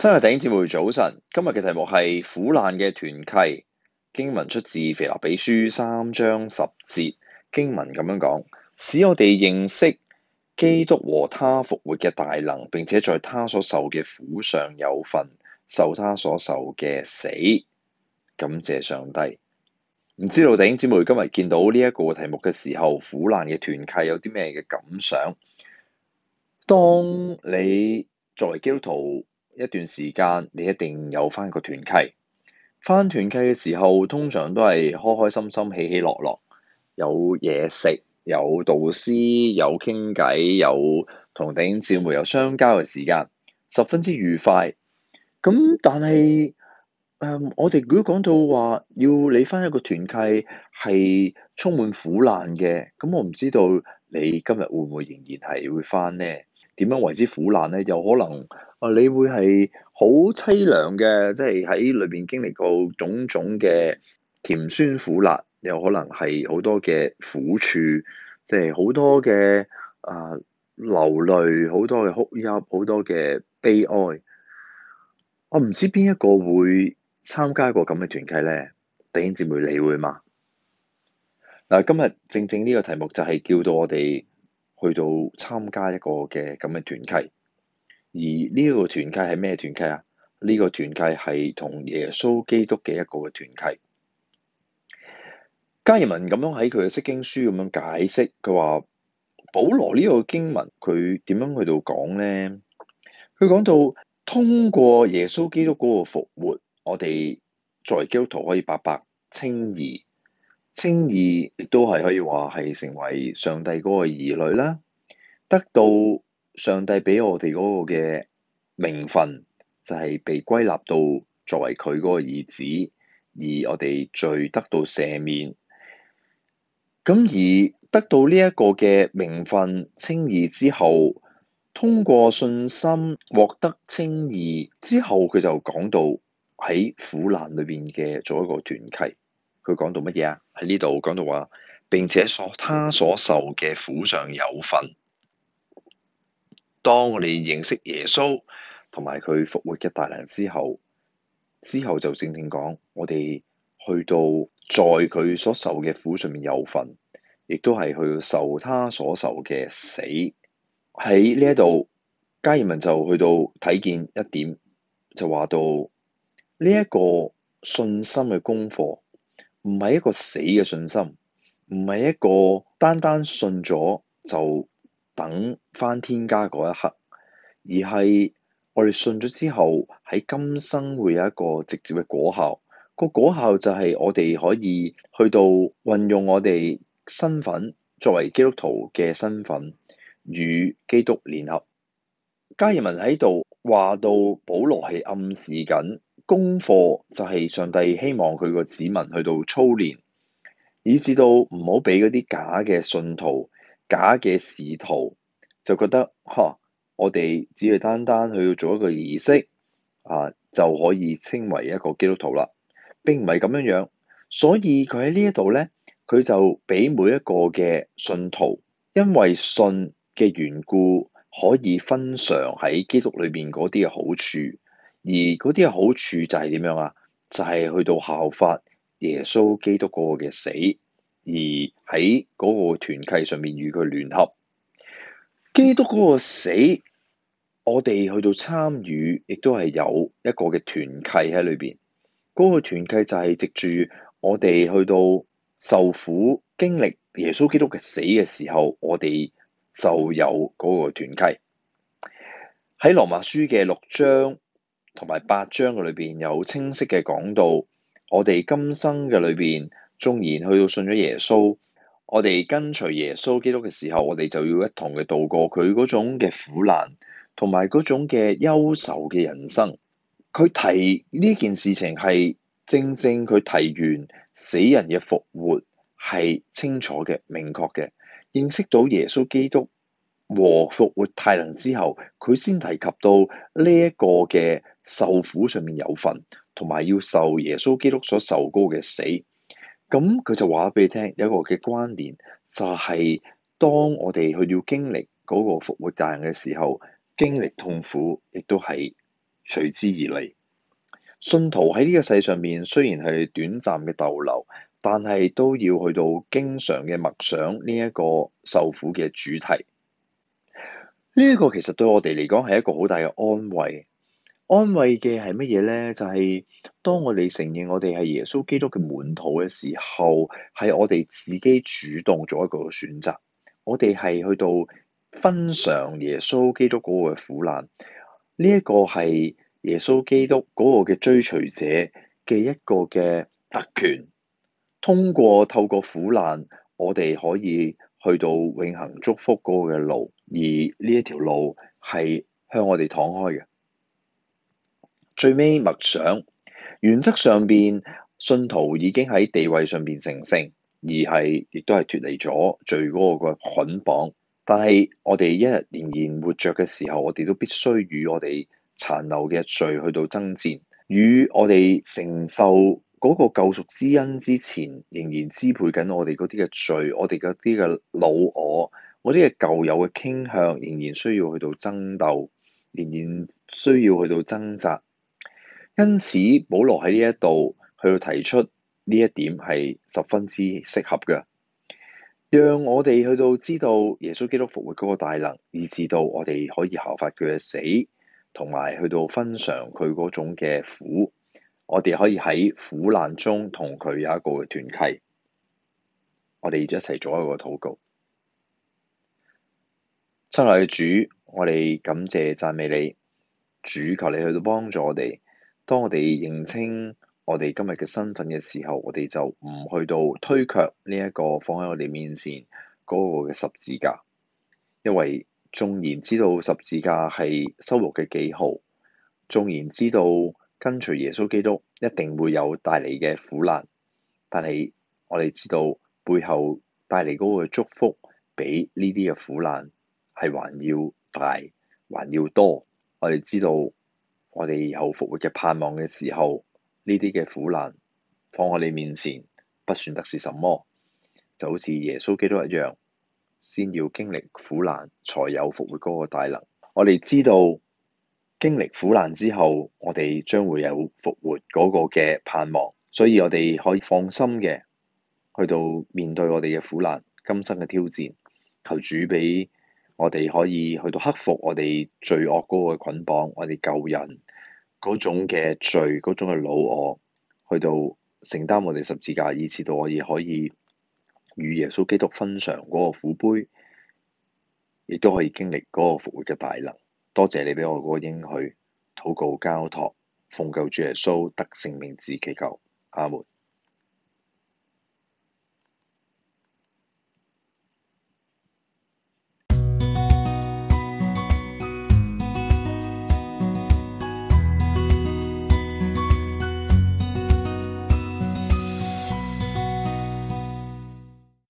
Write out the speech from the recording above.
新嚟嘅弟兄姐妹早晨，今日嘅題目係苦難嘅團契，經文出自腓立比書三章十節，經文咁樣講使我哋認識基督和他復活嘅大能，並且在他所受嘅苦上有份，受他所受嘅死。感謝上帝。唔知道弟兄姐妹今日見到呢一個題目嘅時候，苦難嘅團契有啲咩嘅感想？當你作為基督徒。一段時間，你一定有翻個團契。翻團契嘅時候，通常都係開開心心、起起落落，有嘢食，有導師，有傾偈，有同頂姊妹有相交嘅時間，十分之愉快。咁但係、呃、我哋如果講到話要你翻一個團契係充滿苦難嘅，咁我唔知道你今日會唔會仍然係會翻呢？點樣為之苦難咧？有可能啊，你會係好凄涼嘅，即係喺裏邊經歷過種種嘅甜酸苦辣，又可能係好多嘅苦處，即係好多嘅啊流淚，好多嘅哭泣，好多嘅悲哀。我唔知邊一個會參加一個咁嘅團契咧？弟兄姊妹，你會嘛？嗱，今日正正呢個題目就係叫到我哋。去到參加一個嘅咁嘅團契，而呢個團契係咩團契啊？呢個團契係同耶穌基督嘅一個嘅團契。加爾文咁樣喺佢嘅釋經書咁樣解釋，佢話：保羅呢個經文佢點樣去到講咧？佢講到通過耶穌基督嗰個復活，我哋作為基督徒可以白白稱義。稱義亦都係可以話係成為上帝嗰個兒女啦，得到上帝畀我哋嗰個嘅名分，就係、是、被歸納到作為佢嗰個兒子，而我哋罪得到赦免。咁而得到呢一個嘅名分，稱義之後，通過信心獲得稱義之後，佢就講到喺苦難裏邊嘅做一個團契。佢講到乜嘢啊？喺呢度講到話，並且所他所受嘅苦上有份。當我哋認識耶穌同埋佢復活嘅大能之後，之後就正正講我哋去到在佢所受嘅苦上面有份，亦都係去受他所受嘅死。喺呢一度加爾文就去到睇見一點，就話到呢一個信心嘅功課。唔係一個死嘅信心，唔係一個單單信咗就等翻天家嗰一刻，而係我哋信咗之後喺今生會有一個直接嘅果效。個果效就係我哋可以去到運用我哋身份作為基督徒嘅身份與基督聯合。加爾文喺度話到保羅係暗示緊。功課就係上帝希望佢個子民去到操練，以至到唔好俾嗰啲假嘅信徒、假嘅使徒，就覺得嚇我哋只係單單去做一個儀式啊就可以稱為一個基督徒啦，並唔係咁樣樣。所以佢喺呢一度咧，佢就俾每一個嘅信徒，因為信嘅緣故，可以分享喺基督裏邊嗰啲嘅好處。而嗰啲嘅好處就係點樣啊？就係、是、去到效法耶穌基督嗰個嘅死，而喺嗰個團契上面與佢聯合。基督嗰個死，我哋去到參與，亦都係有一個嘅團契喺裏邊。嗰、那個團契就係藉住我哋去到受苦經歷耶穌基督嘅死嘅時候，我哋就有嗰個團契。喺羅馬書嘅六章，同埋八章嘅裏邊有清晰嘅講到，我哋今生嘅裏邊縱然去到信咗耶穌，我哋跟隨耶穌基督嘅時候，我哋就要一同嘅度過佢嗰種嘅苦難同埋嗰種嘅憂愁嘅人生。佢提呢件事情係正正佢提完死人嘅復活係清楚嘅、明確嘅，認識到耶穌基督和復活大能之後，佢先提及到呢一個嘅。受苦上面有份，同埋要受耶穌基督所受高嘅死，咁佢就話俾你聽有一個嘅關聯就係、是，當我哋去要經歷嗰個復活大能嘅時候，經歷痛苦亦都係隨之而嚟。信徒喺呢個世上面雖然係短暫嘅逗留，但係都要去到經常嘅默想呢一個受苦嘅主題。呢、這、一個其實對我哋嚟講係一個好大嘅安慰。安慰嘅係乜嘢咧？就係、是、當我哋承認我哋係耶穌基督嘅門徒嘅時候，係我哋自己主動做一個選擇。我哋係去到分享耶穌基督嗰個苦難呢、這個、一個係耶穌基督嗰個嘅追隨者嘅一個嘅特權。通過透過苦難，我哋可以去到永恒祝福嗰個嘅路，而呢一條路係向我哋敞開嘅。最尾默想，原則上邊，信徒已經喺地位上邊成聖，而係亦都係脫離咗罪嗰個捆綁。但係我哋一日仍然活着嘅時候，我哋都必須與我哋殘留嘅罪去到爭戰，與我哋承受嗰個救贖之恩之前，仍然支配緊我哋嗰啲嘅罪，我哋嗰啲嘅老我，我啲嘅舊有嘅傾向，仍然需要去到爭鬥，仍然需要去到掙扎。因此，保羅喺呢一度去到提出呢一點係十分之適合嘅，讓我哋去到知道耶穌基督復活嗰個大能，以至到我哋可以效法佢嘅死，同埋去到分嘗佢嗰種嘅苦，我哋可以喺苦難中同佢有一個團契。我哋一齊做一個禱告，親愛嘅主，我哋感謝讚美你，主求你去到幫助我哋。當我哋認清我哋今日嘅身份嘅時候，我哋就唔去到推卻呢一個放喺我哋面前嗰個嘅十字架，因為縱然知道十字架係羞辱嘅記號，縱然知道跟隨耶穌基督一定會有帶嚟嘅苦難，但係我哋知道背後帶嚟嗰個祝福，比呢啲嘅苦難係還要大，還要多。我哋知道。我哋有復活嘅盼望嘅時候，呢啲嘅苦難放喺你面前，不算得是什麼，就好似耶穌基督一樣，先要經歷苦難，才有復活嗰個大能。我哋知道經歷苦難之後，我哋將會有復活嗰個嘅盼望，所以我哋可以放心嘅去到面對我哋嘅苦難、今生嘅挑戰，求主俾。我哋可以去到克服我哋罪惡嗰個捆綁，我哋舊人嗰種嘅罪，嗰種嘅老我，去到承擔我哋十字架，以致到我哋可以與耶穌基督分享嗰個苦杯，亦都可以經歷嗰個復活嘅大能。多謝你俾我嗰個應許，禱告交託，奉救主耶穌得勝名字祈求，阿門。